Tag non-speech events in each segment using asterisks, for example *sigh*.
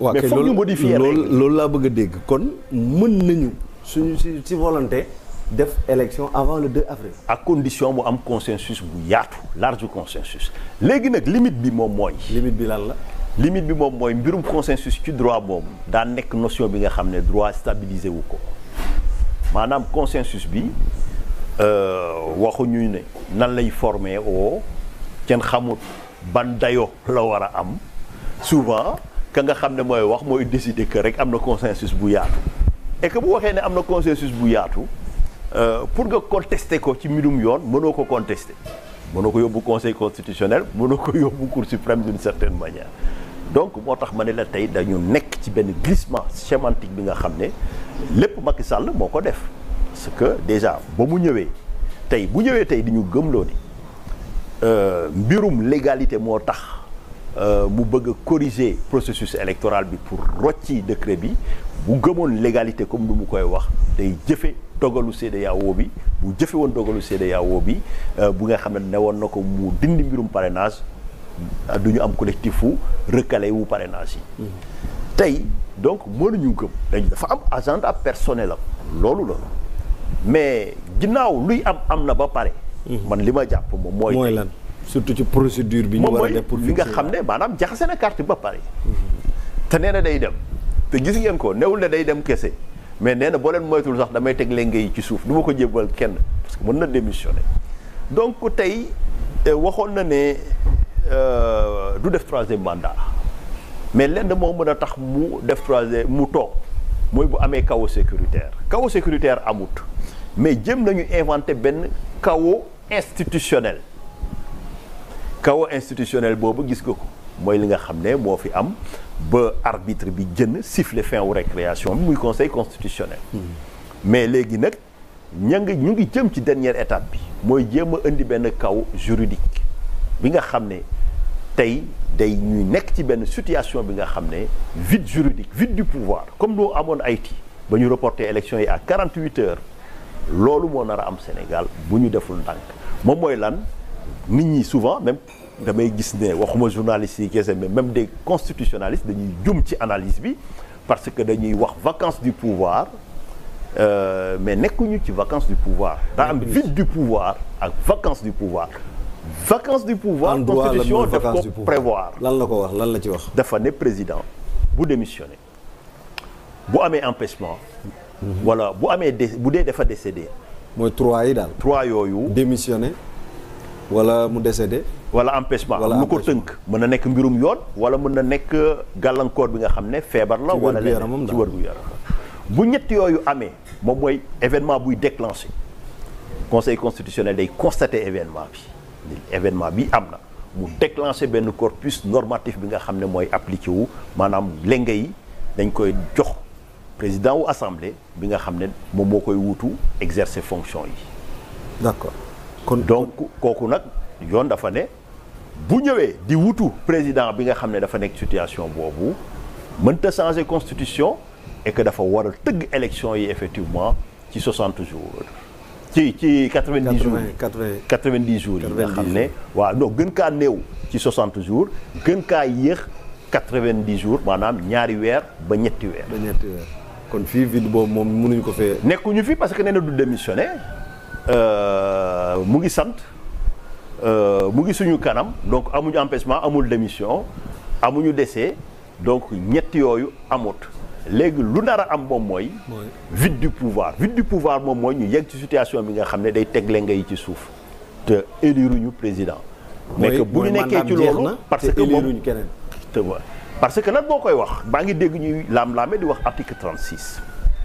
waaw mais foog ñu modifier loolu loolu laa bëgg dégg kon mën nañu suñu si si volonté def élection avant le 2 avril. à condition mu am consensus bu yaatu large consensus léegi nag limite bi moom mooy. limite bi lan la. limite bi moom mooy mbirum consensus ci droit boobu daa nekk notion bi nga xam ne droit stabilisé wu ko maanaam consensus bi euh, ñu ne nan lay former oo kenn xamut ban dayo la war a am souvent. ka nga xam ne mooy wax mooy décider que rek am na consensus bu yaatu et que bu waxee ne am na consensus bu yaatu euh, pour nga contester ko ci mbirum yoon mënoo ko contester mënoo ko yóbbu conseil constitutionnel mënoo ko yóbbu cour suprême d'une certaine manière donc moo tax ma ne la tey dañu nekk ci benn glissement sémantique bi nga xam ne lépp Macky Sall moo ko def parce que déjà ba mu ñëwee tey bu ñëwee tey di ñu gëmloo ni euh, mbirum légalité moo tax Euh, mu bëgg a corriger processus électoral bi pour rocci décret bi bu gëmoon légalité comme nu mu koy wax day jëfe dogalu CEDEAO bi bu jëfe woon dogalu CEDEAO bi euh, bu nga xam ne ne woon na ko mu dindi mbirum parrainage du ñu am collectif wu recalé wu parrainage yi mm-hmm. tey donc mënuñu gëm dañ dafa am agenda personnel am loolu la mais ginnaaw luy am am na ba pare mm-hmm. man li ma jàpp moom mooy la surtout ci procédure bi. ñu war a pour li nga xam ne maanaam jaxase na carte ba pare. te nee na day dem te gis ngeen ko newul ne day dem kese mais nee na boo leen moytul sax damay teg lenge yi ci suuf du ko jébbal kenn parce que mën na démissionner donc tey eh, waxoon na ne euh, du def troisième mandat mais lenn moo mën a tax mu def troisième mu toog mooy bu amee chaos sécuritaire kawo sécuritaire amut mais jëm nañu inventé benn chaos institutionnel. kaw institutionnel boobu gis ko ko mooy li nga xam ne moo fi am ba arbitre bi jënn siffler fin wu récréation bi muy conseil constitutionnel. Hmm. mais léegi nag ña ngi ñu ngi jëm ci dernière étape bi. mooy jéem a indi benn kaw juridique bi nga xam ne tey day ñuy nekk ci benn situation bi nga xam ne vide juridique vide du pouvoir comme noo amoon Haïti ba ñu reporter élection yi à 48 heures loolu moo nar a am Sénégal bu ñu deful ndànk moom mooy lan. nit ñi souvent même damay gis ne waxuma journalistes yi kese mais même des constitutionnalistes dañuy jum ci analyse bi parce que dañuy wax vacances du pouvoir euh, mais nekkuñu ci vacances du pouvoir daa am vide du pouvoir ak vacances du pouvoir vacances du pouvoir constitution daf ko prévoir lan la ko wax lan la ci wax dafa ne président bu démissionné bu amee empêchement mhm. wala bu amee bu dee defa décédé mooy trois yi daal trois yooyu démissionné wala mu décédé. wala empêchement am lu ko tënk. mën na nekk mbirum yoon wala mën na nekk gàllankoor bi nga xam ne feebar la. wala leneen ci wër gu yaram bu ñett yooyu amee moom mooy événement buy déclenché conseil constitutionnel day constaté événement bi événement bi am na mu déclenché benn corpus normatif bi nga xam ne mooy appliqué wu maanaam lenge yi dañ koy jox président wu assemblée bi nga xam ne moom moo koy wuutu exercer fonction yi d'accord kon donc kooku nag yoon dafa ne bu ñëwee di wutu président bi nga xam ne dafa nekk situation boobu mënta changer constitution et que dafa war a tëgg élection yi effectivement ci 60 jours ci ci 90 jours 90 jours yi nga xam ne waa non gën kaa néew ci 60 jours gën kaa yéex 90 jours maanaam ñaari weer ba ñetti weer. ba ñetti kon fii vide boobu moom mënuñ ko fee. nekkuñu fi parce que nee na du démissionné. Euh, mu ngi sant euh, mu ngi suñu kanam donc amuñu empêchement amul démission amuñu décès donc ñett yooyu amut léegi lu nar am moom mooy vide du pouvoir vide du pouvoir moom mooy ñu yegg ci situation bi nga xam ne day tegle ngay ci suuf te ñu président mais bu ñu nekkee ci loolu parce que moom parce que nag boo koy wax baa ngi dégg ñuy laam-laame di wax article 36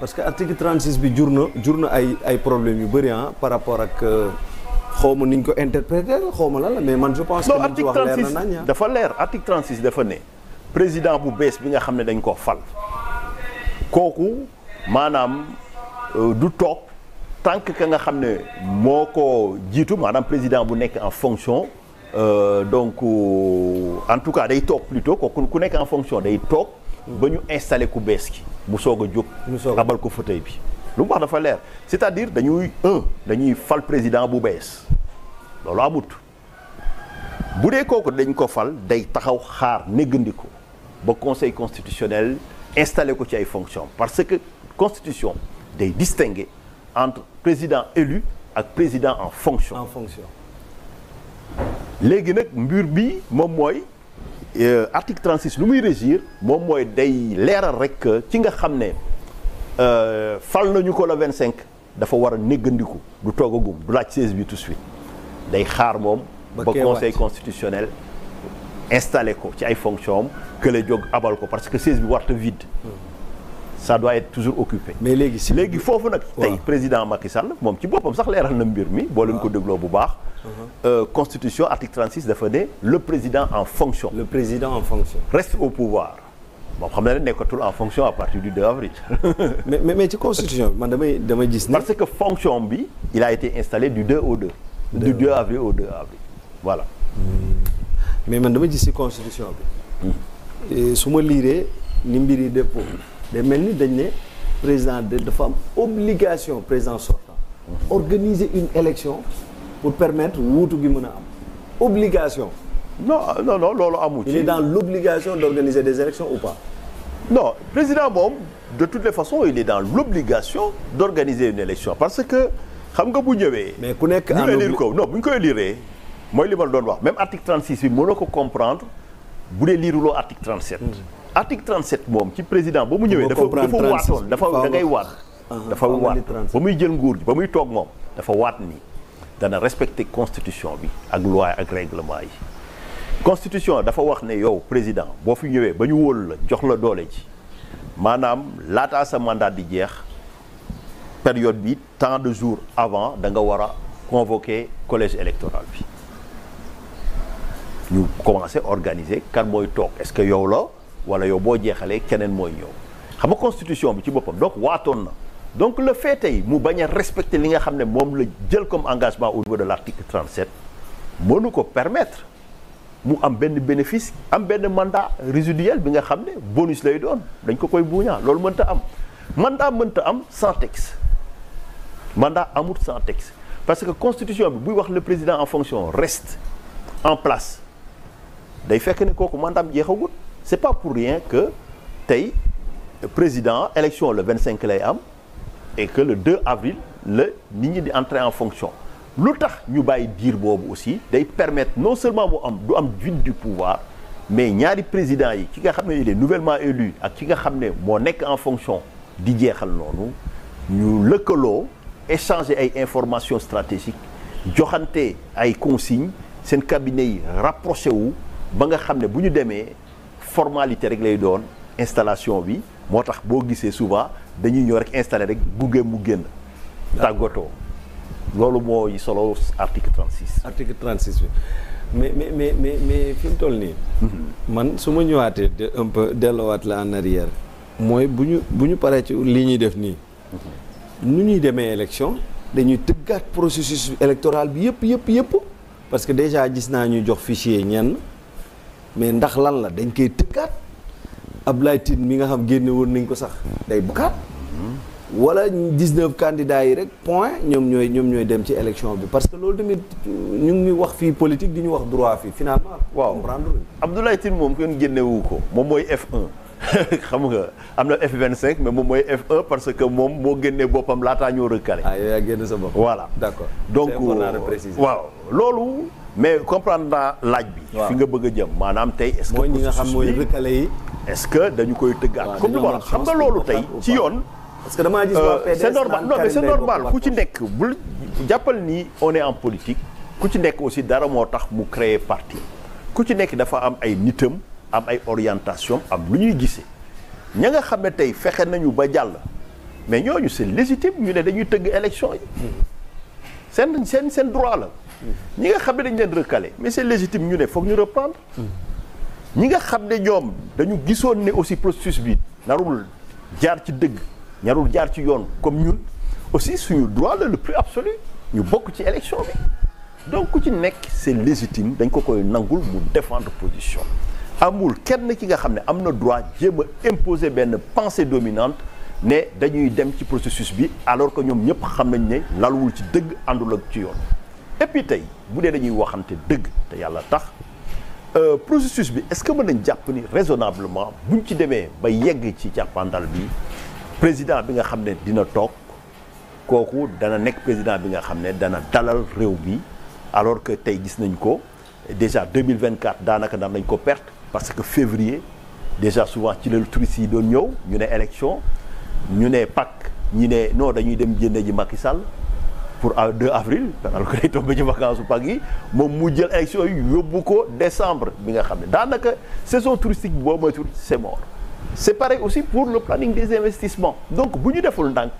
parce que article 36 bi jur na jur na ay ay problèmes yu bëri ah par rapport ak euh, xaw ma ni ñu ko interprété xaw ma lan la mais man je pense que li ci wax leer na nañ ah. dafa leer article 36 dafa ne président bu bees bi nga xam ne dañ ko fal kooku maanaam euh, du toog tant que nga xam ne moo ko jiitu maanaam président bu nekk en fonction euh, donc en tout cas day toog plutôt kooku ku nekk en fonction day toog ba ñu installé ku bees ki bu soog a jóg abal ko fauteuil bi lu mu wax dafa leer c'est-à-dire dañuy un dañuy fal président bu bees loolu amut bu dee kooku dañ ko fal day taxaw xaar néggandiko ba conseil constitutionnel installé ko ci ay fonction parce que constitution day distinguer entre président élu ak président en fonction en fonction léegi nag mbir bi moom mooy Euh, article 36 lu muy régir moom mooy day leeral rek ci nga xam ne euh, fal nañu ko la 25 dafa war a néggandiku du toog a gum du laaj sais bi tout de day xaar moom. ba conseil constitutionnel installé ko ci ay fonctions am kële jóg abal ko parce que siège bi warta vide. Hmm. ça doit être toujours occupé. léegi si léegi foofu nag. tey président Macky Sall moom ci boppam sax leeral na mbir mi. boo leen ko dégloo bu baax. Euh, constitution article 36 dafa ne le président en fonction. le président en fonction. reste au pouvoir. bon xam naa ne nekkatul en fonction à partir du 2 avril. *laughs* mais mais mais ci constitution bi man damay damay gis. parce que fonction bi il a été installé du 2 au 2. du 2 avril au avril voilà. Hmm. mais man damay gis si constitution bi. Hmm. su ma liiree ni mbir yi dépôt day mel ni dañ ne président de dafa am obligation président sortant hmm. organiser une élection. pour permettre wuutu gi mën a am obligation. non non non loolu amu ci. il est dans l'obligation d'organiser des élections ou pas. non président moom de toutes les façons il est dans l'obligation d'organiser une élection parce que xam nga bu ñëwee. mais ku nekk en bu ñu koy lire mooy li ma doon wax même article 36 bi mënoo ko comprendre bu dee liiruloo article 37. Mm. article 37 moom ci président ba mu ñëwee. dafa dafa waatoon dafa da ngay waat. dafa waat ba muy jël nguur ba muy toog moom dafa waat nii. dana respecter constitution bi ak loi ak règlement yi constitution dafa wax ne yow président boo fi ñëwee ba ñu wóolu la jox la doole ci maanaam laataa sa mandat di jeex période bi tant de jours avant da nga war a convoquer collège électoral bi ñu commencé organiser kan mooy toog est-ce que yow la walla yow boo jeexalee keneen mooy ñëw xam nga constitution bi ci boppam donc waatoon na donc le fait tey mu bañ a respecter li nga xam ne moom la jël comme engagement au niveau de l' article 37 mënu ko permettre mu am benn bénéfice am benn mandat résiduel bi nga xam ne bonus lay doon dañ ko koy buuñaa loolu mënta am mandat mënta am sans texte mandat amut sans texte parce que constitution bi buy wax le président en fonction reste en place day fekk ne kooku mandat am jeexagut c' est pas pour rien que tey président élection vingt cinq lay am et que le 2 avril la nit ñi di entrer en fonction lu tax ñu bàyyi diir boobu aussi day permettre non seulement mu am du am vide du pouvoir mais ñaari président yi ki nga xam ne il est nouvellement élu ak ki nga xam ne moo nekk en fonction di jeexal noonu ñu lëkkaloo échanger ay information stratégique joxante ay consignes seen cabinet yi rapproché wu ba nga xam ne bu ñu demee formalité rek lay doon installation bi moo tax boo gisee souvent dañuy ñëw rek installé rek buggee mu génn tàggatoo loolu mooy solo article 36 article 36 mais mais mais mais mais fi mu toll nii mm-hmm. man su ma ñëwaatee un peu delluwaat la en arrière mooy bu ñu bu ñu paree ci li ñuy def nii mm-hmm. nu ñuy demee élection dañuy tëggaat processus électoral bi yëpp yëpp yëpp parce que déjà gis naa ñuy jox fichier ñenn mais ndax lan la dañ koy tëggaat Ablaye Tine mi nga xam génne woon nañ ko sax day bokkaat wala 19 candidats yi rek point ñoom ñooy ñoom ñooy dem ci élection bi parce que loolu tamit ñu ngi wax fii politique di ñu wax droit fii finalement. waaw comprendre Abdoulaye Tine moom kenn génnewu ko moom mooy F1 *laughs* xam nga am na F25 mais moom mooy F1 parce que moom moo génne boppam laataa ñoo recalé. ah yow yaa génne sa bopp. voilà d'accord donc waaw loolu. mais comprendre naa laaj bi. fi nga bëgg a jëm maanaam tey. est-ce que ñi nga xam mooy recalé yi. est-ce que dañu koy tëggaat. comme li ma xam nga loolu tey ci yoon. parce que damaa gis euh, waa PDS c'est normal non mais c'est ku ci nekk bul jàppal ni on est en politique ku ci nekk aussi dara moo tax mu créer parti ku ci nekk dafa am ay nitam am ay orientation am lu ñuy gisee ña nga xam ne tey fexe nañu ba jàll mais ñooñu c'est légitime ñu ne dañuy tëgg élection yi seen seen seen droit la ñi nga xam ne dañ leen recalé mais c'est légitime ñu ne foog ñu reprendre ñi nga xam ne ñoom dañu gisoon ne aussi processus bi narul jaar ci dëgg ñarul jaar ci yoon comme ñun aussi suñu droit la le plus absolu ñu bokk ci élection bi donc ku ci nekk c'est légitime dañ ko koy nangul mu défendre position amul kenn ki nga xam ne am na droit jéem a imposer benn pensée dominante ne dañuy dem ci processus bi alors que ñoom ñëpp xam nañ ne laluwul ci dëgg àndul ak ci yoon et puis tey bu dee dañuy waxante dëgg te yàlla tax euh, processus bi est-ce que mën nañ jàpp ni raisonnablement buñ ci demee ba yegg ci jàppandal bi président bi nga xam ne dina toog kooku dana nekk président bi nga xam ne dana dalal réew bi alors que tey gis nañ ko déjà 2024 daanaka nar nañ ko perte parce que février déjà souvent ci la touristes yi doon ñëw ñu ne élection ñu ne Pâques ñu ne noo dañuy dem jënd ji Macky Sall pour 2 avril alors que day tombé ci vacances su Pâques yi moom mu jël élection yi yóbbu ko décembre bi nga xam ne daanaka saison touristique boo moytuwul c'est mort c'est pareil aussi pour le planning des investissements donc bu ñu deful ndànk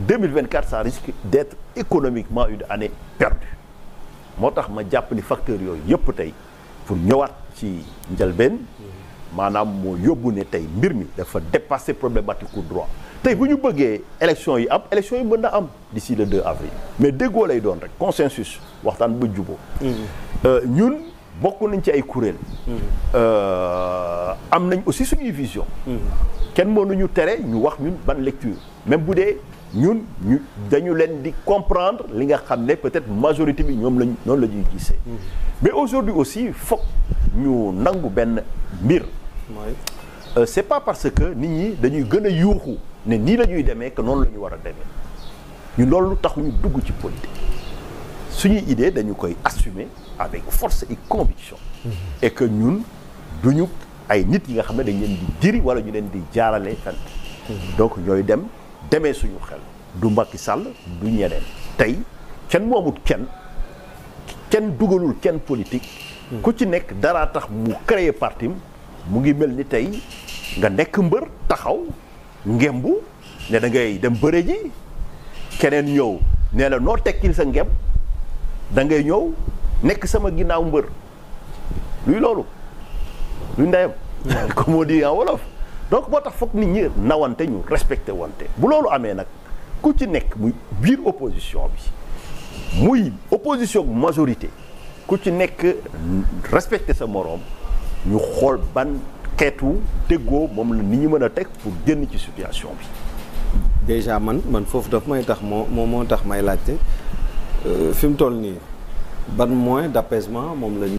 2024 ça risque d'être économiquement une année perdue moo tax ma jàpp ni facteur yooyu yëpp tey pour ñëwaat ci njëlbeen maanaam moo yóbbu ne tey mbir mi dafa dépasser problématique u droit tey bu ñu bëggee élection yi am élection yi mën a am d'ici le 2 avril mais déggoo lay doon rek consensus waxtaan ba juboo mm-hmm. euh, ñun bokk nañ ci ay kuréel. Mm-hmm. Euh, am nañ aussi suñuy vision. Mm-hmm. kenn mënuñu tere ñu wax ñun ban lecture même bu dee ñun ñu dañu leen di comprendre li nga xam ne peut-être majorité bi ñoom lañ noonu la ñuy gisee. Mm-hmm. mais aujourd'hui aussi fokk ñu nangu benn mbir. Euh, c'est pas parce que nit ñi dañuy gën a yuuxu ne nii la ñuy demee que noonu la ñu war a demee ñu loolu taxuñu dugg ci politique suñuy idée dañu koy assumer. avec force et conviction et que ñun ñu ay nit yi nga xam ne dañ leen di jëri wala ñu leen di jaarale fent donc ñooy dem demee suñu xel du Macky sàll du ñeneen tey kenn moomut kenn kenn dugalul kenn politique ku ci nekk dara tax mu créer partim mu ngi mel ni tey nga nekk mbër taxaw ngembu ne da ngay dem bëre ji keneen ñëw nee la noo tekkil sa ngem da ngay ñëw nekk sama ginnaaw mbër luy loolu luy ndeyam *laughs* comme on dit wolof donc boo tax foog nit ñi nawante ñu respecté wante bu loolu amee nag ku ci nekk muy biir opposition bi muy opposition majorité ku ci nekk respecté sa moroom ñu xool ban xeetu déggoo moom la nit ñi mën a teg pour génn ci situation bi déjà man man foofu daf may tax moo moo moo tax may laajte euh, fi mu toll nii ban moyen d'apaisement moom lañ